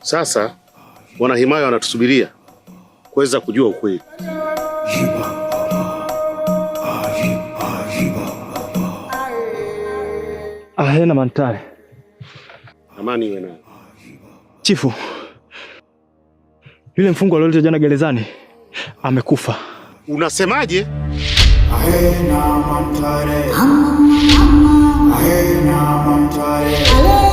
Sasa wanahimaya wanatusubiria kuweza kujua ukweli. Ahena mantare. Amani iwe nayo. Chifu, yule mfungwa alioletwa jana gerezani amekufa. Unasemaje? Ahena mantare. Ahena mantare.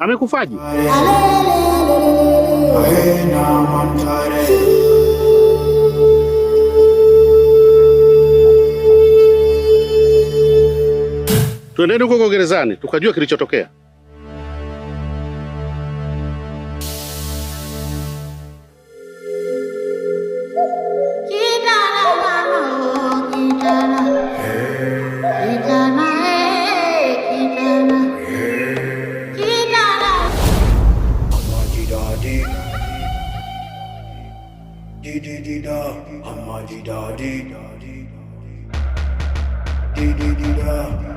amekufaje? Tuendeni huko gerezani tukajua kilichotokea. di di di da hamma di da di da di di di di da da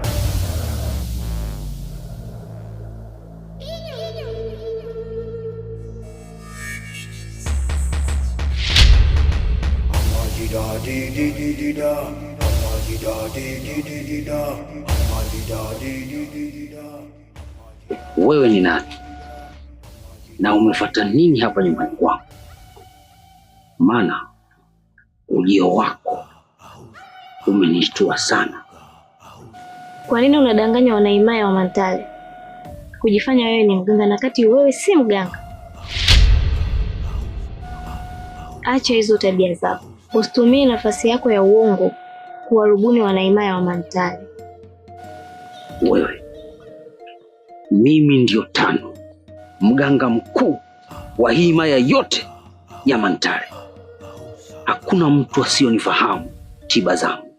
di di di di da hamma di da di di di di da hamma di da di di di di da wewe ni nani na umefuata nini hapa nyumbani kwangu maana ujio wako umenishtua sana. Kwa nini unadanganya wanaimaya wa Mantale kujifanya wewe ni mganga na kati wewe si mganga? Acha hizo tabia zako, usitumie nafasi yako ya uongo kuwarubuni wanaimaya wa Mantale. Wewe mimi ndiyo Tano, mganga mkuu wa hii maya yote ya Mantale hakuna mtu asiyonifahamu tiba zangu.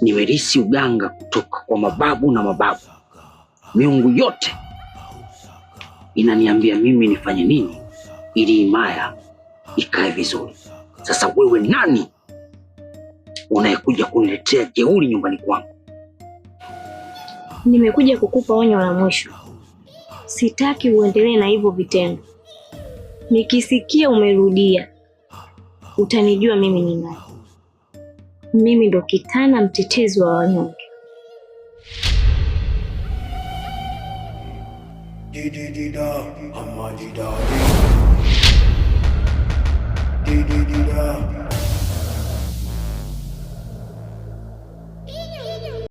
Nimerisi uganga kutoka kwa mababu na mababu. Miungu yote inaniambia mimi nifanye nini ili himaya ikae vizuri. Sasa wewe nani unayekuja kuniletea jeuri nyumbani kwangu? Nimekuja kukupa onyo la mwisho. Sitaki uendelee na hivyo vitendo. Nikisikia umerudia utanijua mimi ni nani. Mimi ndo Kitana, mtetezi wa wanyonge.